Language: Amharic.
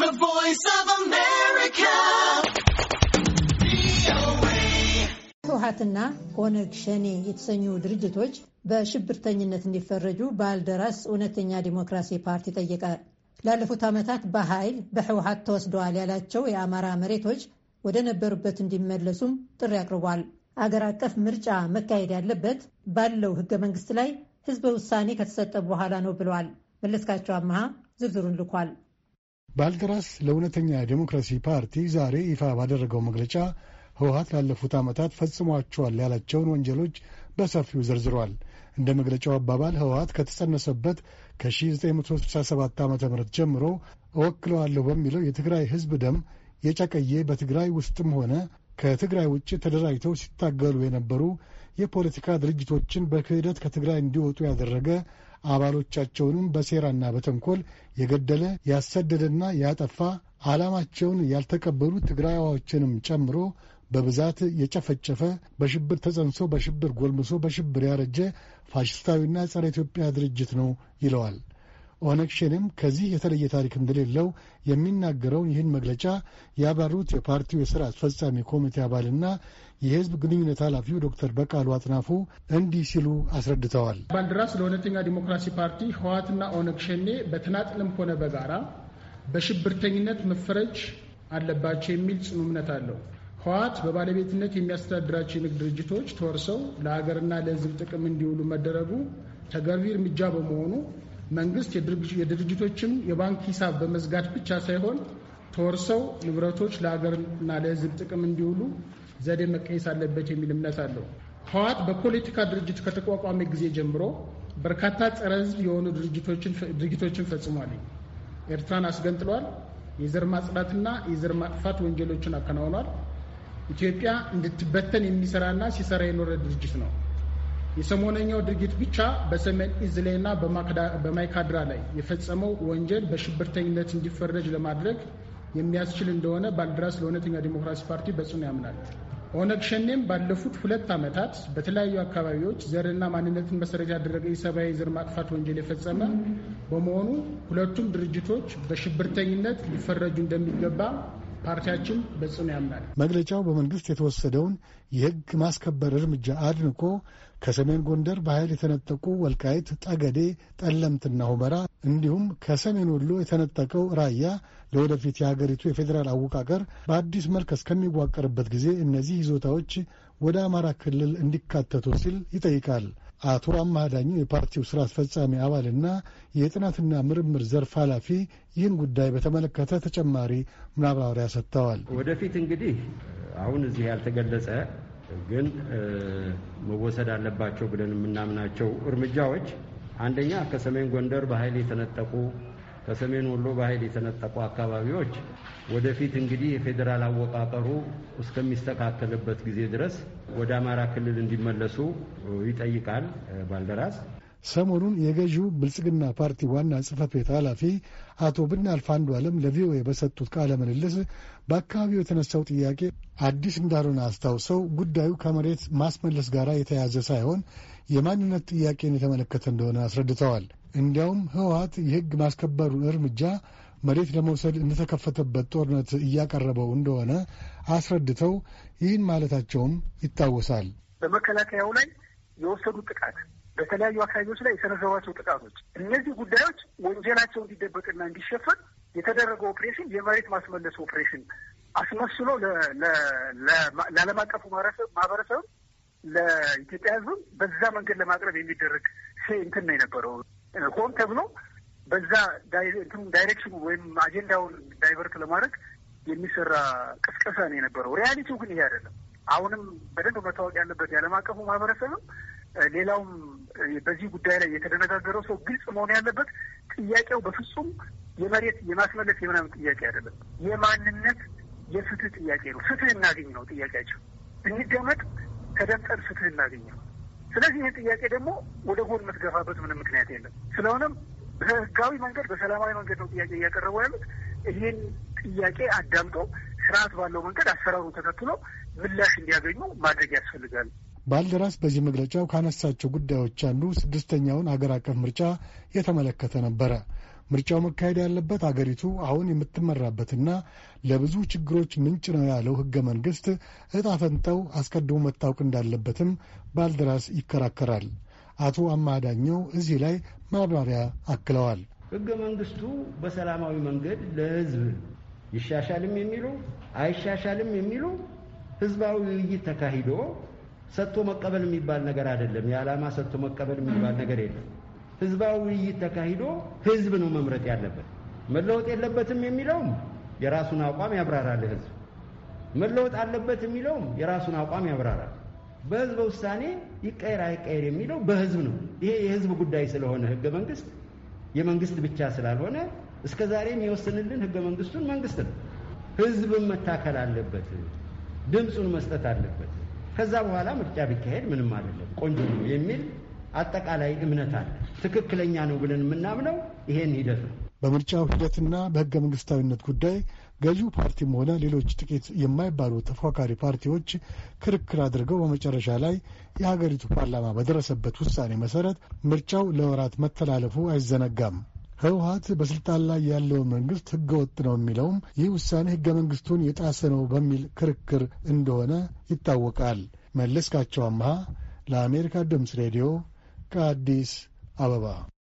The Voice of America. ህወሀትና ኦነግ ሸኔ የተሰኙ ድርጅቶች በሽብርተኝነት እንዲፈረጁ ባልደራስ እውነተኛ ዲሞክራሲ ፓርቲ ጠየቀ። ላለፉት ዓመታት በኃይል በህወሀት ተወስደዋል ያላቸው የአማራ መሬቶች ወደ ነበሩበት እንዲመለሱም ጥሪ አቅርቧል። አገር አቀፍ ምርጫ መካሄድ ያለበት ባለው ህገ መንግስት ላይ ህዝበ ውሳኔ ከተሰጠ በኋላ ነው ብለዋል። መለስካቸው አመሃ ዝርዝሩን ልኳል። ባልደራስ ለእውነተኛ ዴሞክራሲ ፓርቲ ዛሬ ይፋ ባደረገው መግለጫ ህወሀት ላለፉት ዓመታት ፈጽሟቸዋል ያላቸውን ወንጀሎች በሰፊው ዘርዝሯል። እንደ መግለጫው አባባል ህወሀት ከተጸነሰበት ከ1967 ዓ ም ጀምሮ እወክለዋለሁ በሚለው የትግራይ ህዝብ ደም የጨቀየ በትግራይ ውስጥም ሆነ ከትግራይ ውጭ ተደራጅተው ሲታገሉ የነበሩ የፖለቲካ ድርጅቶችን በክህደት ከትግራይ እንዲወጡ ያደረገ አባሎቻቸውንም በሴራና በተንኮል የገደለ ያሰደደና ያጠፋ ዓላማቸውን ያልተቀበሉ ትግራዋዎችንም ጨምሮ በብዛት የጨፈጨፈ በሽብር ተጸንሶ በሽብር ጎልምሶ በሽብር ያረጀ ፋሽስታዊና ጸረ ኢትዮጵያ ድርጅት ነው ይለዋል። ኦነግ ሸኔም ከዚህ የተለየ ታሪክ እንደሌለው የሚናገረውን ይህን መግለጫ ያብራሩት የፓርቲው የሥራ አስፈጻሚ ኮሚቴ አባልና የሕዝብ ግንኙነት ኃላፊው ዶክተር በቃሉ አጥናፉ እንዲህ ሲሉ አስረድተዋል። ባንዲራ ስለ እውነተኛ ዲሞክራሲ ፓርቲ ህወሓትና ኦነግ ሸኔ በተናጥልም ሆነ በጋራ በሽብርተኝነት መፈረጅ አለባቸው የሚል ጽኑ እምነት አለው። ህወሓት በባለቤትነት የሚያስተዳድራቸው የንግድ ድርጅቶች ተወርሰው ለሀገርና ለህዝብ ጥቅም እንዲውሉ መደረጉ ተገቢ እርምጃ በመሆኑ መንግስት የድርጅቶችን የባንክ ሂሳብ በመዝጋት ብቻ ሳይሆን ተወርሰው ንብረቶች ለሀገርና ለሕዝብ ጥቅም እንዲውሉ ዘዴ መቀየስ አለበት የሚል እምነት አለው። ህወሓት በፖለቲካ ድርጅት ከተቋቋመ ጊዜ ጀምሮ በርካታ ጸረ ሕዝብ የሆኑ ድርጊቶችን ፈጽሟል። ኤርትራን አስገንጥሏል። የዘር ማጽዳትና የዘር ማጥፋት ወንጀሎችን አከናውኗል። ኢትዮጵያ እንድትበተን የሚሰራና ሲሰራ የኖረ ድርጅት ነው። የሰሞነኛው ድርጊት ብቻ በሰሜን እዝ ላይና በማይካድራ ላይ የፈጸመው ወንጀል በሽብርተኝነት እንዲፈረጅ ለማድረግ የሚያስችል እንደሆነ ባልደራስ ለእውነተኛ ዲሞክራሲ ፓርቲ በጽኑ ያምናል። ኦነግ ሸኔም ባለፉት ሁለት ዓመታት በተለያዩ አካባቢዎች ዘርና ማንነትን መሰረት ያደረገ የሰብአዊ ዘር ማጥፋት ወንጀል የፈጸመ በመሆኑ ሁለቱም ድርጅቶች በሽብርተኝነት ሊፈረጁ እንደሚገባ ፓርቲያችን በጽኑ ያምናል። መግለጫው በመንግስት የተወሰደውን የህግ ማስከበር እርምጃ አድንቆ ከሰሜን ጎንደር በኃይል የተነጠቁ ወልቃይት፣ ጠገዴ፣ ጠለምትና ሁመራ እንዲሁም ከሰሜን ወሎ የተነጠቀው ራያ ለወደፊት የሀገሪቱ የፌዴራል አወቃቀር በአዲስ መልክ እስከሚዋቀርበት ጊዜ እነዚህ ይዞታዎች ወደ አማራ ክልል እንዲካተቱ ሲል ይጠይቃል። አቶ አማሃ የፓርቲው ስራ አስፈጻሚ አባልና የጥናትና ምርምር ዘርፍ ኃላፊ ይህን ጉዳይ በተመለከተ ተጨማሪ ማብራሪያ ሰጥተዋል። ወደፊት እንግዲህ አሁን እዚህ ያልተገለጸ ግን መወሰድ አለባቸው ብለን የምናምናቸው እርምጃዎች አንደኛ ከሰሜን ጎንደር በኃይል የተነጠቁ ከሰሜን ወሎ በኃይል የተነጠቁ አካባቢዎች ወደፊት እንግዲህ የፌዴራል አወቃቀሩ እስከሚስተካከልበት ጊዜ ድረስ ወደ አማራ ክልል እንዲመለሱ ይጠይቃል። ባልደራስ ሰሞኑን የገዢው ብልጽግና ፓርቲ ዋና ጽህፈት ቤት ኃላፊ አቶ ብናልፍ አለም ለቪኦኤ በሰጡት ቃለ ምልልስ በአካባቢው የተነሳው ጥያቄ አዲስ እንዳልሆነ አስታውሰው ጉዳዩ ከመሬት ማስመለስ ጋር የተያያዘ ሳይሆን የማንነት ጥያቄን የተመለከተ እንደሆነ አስረድተዋል። እንዲያውም ህወሀት የህግ ማስከበሩን እርምጃ መሬት ለመውሰድ እንደተከፈተበት ጦርነት እያቀረበው እንደሆነ አስረድተው ይህን ማለታቸውም ይታወሳል። በመከላከያው ላይ የወሰዱ ጥቃት፣ በተለያዩ አካባቢዎች ላይ የሰነዘሯቸው ጥቃቶች፣ እነዚህ ጉዳዮች ወንጀላቸው እንዲደበቅና እንዲሸፈን የተደረገው ኦፕሬሽን የመሬት ማስመለስ ኦፕሬሽን አስመስሎ ለዓለም አቀፉ ማህበረሰብ ለኢትዮጵያ ህዝብም በዛ መንገድ ለማቅረብ የሚደረግ እንትን ነው የነበረው። ሆን ተብሎ በዛ ዳይሬክሽኑ ወይም አጀንዳውን ዳይቨርት ለማድረግ የሚሰራ ቅስቀሳ ነው የነበረው። ሪያሊቲው ግን ይሄ አይደለም። አሁንም በደንብ መታወቅ ያለበት የዓለም አቀፉ ማህበረሰብም ሌላውም በዚህ ጉዳይ ላይ የተደነጋገረው ሰው ግልጽ መሆን ያለበት ጥያቄው በፍጹም የመሬት የማስመለስ የምናምን ጥያቄ አይደለም። የማንነት የፍትህ ጥያቄ ነው። ፍትህ እናገኝ ነው ጥያቄያቸው። እንደመጥ ተደምጠን ፍትህ እናገኝ ነው። ስለዚህ ይህ ጥያቄ ደግሞ ወደ ጎን የምትገፋበት ምንም ምክንያት የለም። ስለሆነም በህጋዊ መንገድ በሰላማዊ መንገድ ነው ጥያቄ እያቀረቡ ያሉት። ይህን ጥያቄ አዳምጦ ስርዓት ባለው መንገድ አሰራሩ ተከትሎ ምላሽ እንዲያገኙ ማድረግ ያስፈልጋል። ባልደራስ በዚህ መግለጫው ካነሳቸው ጉዳዮች አንዱ ስድስተኛውን ሀገር አቀፍ ምርጫ የተመለከተ ነበረ። ምርጫው መካሄድ ያለበት አገሪቱ አሁን የምትመራበትና ለብዙ ችግሮች ምንጭ ነው ያለው ህገ መንግስት እጣ ፈንታው አስቀድሞ መታወቅ እንዳለበትም ባልደራስ ይከራከራል። አቶ አማዳኘው እዚህ ላይ ማብራሪያ አክለዋል። ህገ መንግስቱ በሰላማዊ መንገድ ለህዝብ ይሻሻልም የሚሉ አይሻሻልም የሚሉ ህዝባዊ ውይይት ተካሂዶ ሰጥቶ መቀበል የሚባል ነገር አይደለም። የዓላማ ሰጥቶ መቀበል የሚባል ነገር የለም። ህዝባዊ ውይይት ተካሂዶ ህዝብ ነው መምረጥ ያለበት። መለወጥ የለበትም የሚለውም የራሱን አቋም ያብራራል። ህዝብ መለወጥ አለበት የሚለውም የራሱን አቋም ያብራራል። በህዝበ ውሳኔ ይቀየር አይቀየር የሚለው በህዝብ ነው። ይሄ የህዝብ ጉዳይ ስለሆነ ህገ መንግስት የመንግስት ብቻ ስላልሆነ እስከ ዛሬም የወሰንልን ህገ መንግስቱን መንግስት ነው። ህዝብን መታከል አለበት፣ ድምፁን መስጠት አለበት። ከዛ በኋላ ምርጫ ቢካሄድ ምንም አይደለም ቆንጆ ነው የሚል አጠቃላይ እምነት አለ። ትክክለኛ ነው ብለን የምናምነው ይሄን ሂደት ነው። በምርጫው ሂደትና በህገ መንግስታዊነት ጉዳይ ገዢው ፓርቲም ሆነ ሌሎች ጥቂት የማይባሉ ተፎካካሪ ፓርቲዎች ክርክር አድርገው በመጨረሻ ላይ የሀገሪቱ ፓርላማ በደረሰበት ውሳኔ መሰረት ምርጫው ለወራት መተላለፉ አይዘነጋም። ህወሀት በስልጣን ላይ ያለውን መንግስት ህገ ወጥ ነው የሚለውም ይህ ውሳኔ ህገ መንግስቱን የጣሰ ነው በሚል ክርክር እንደሆነ ይታወቃል። መለስካቸው አምሃ ለአሜሪካ ድምፅ ሬዲዮ ከአዲስ Alabama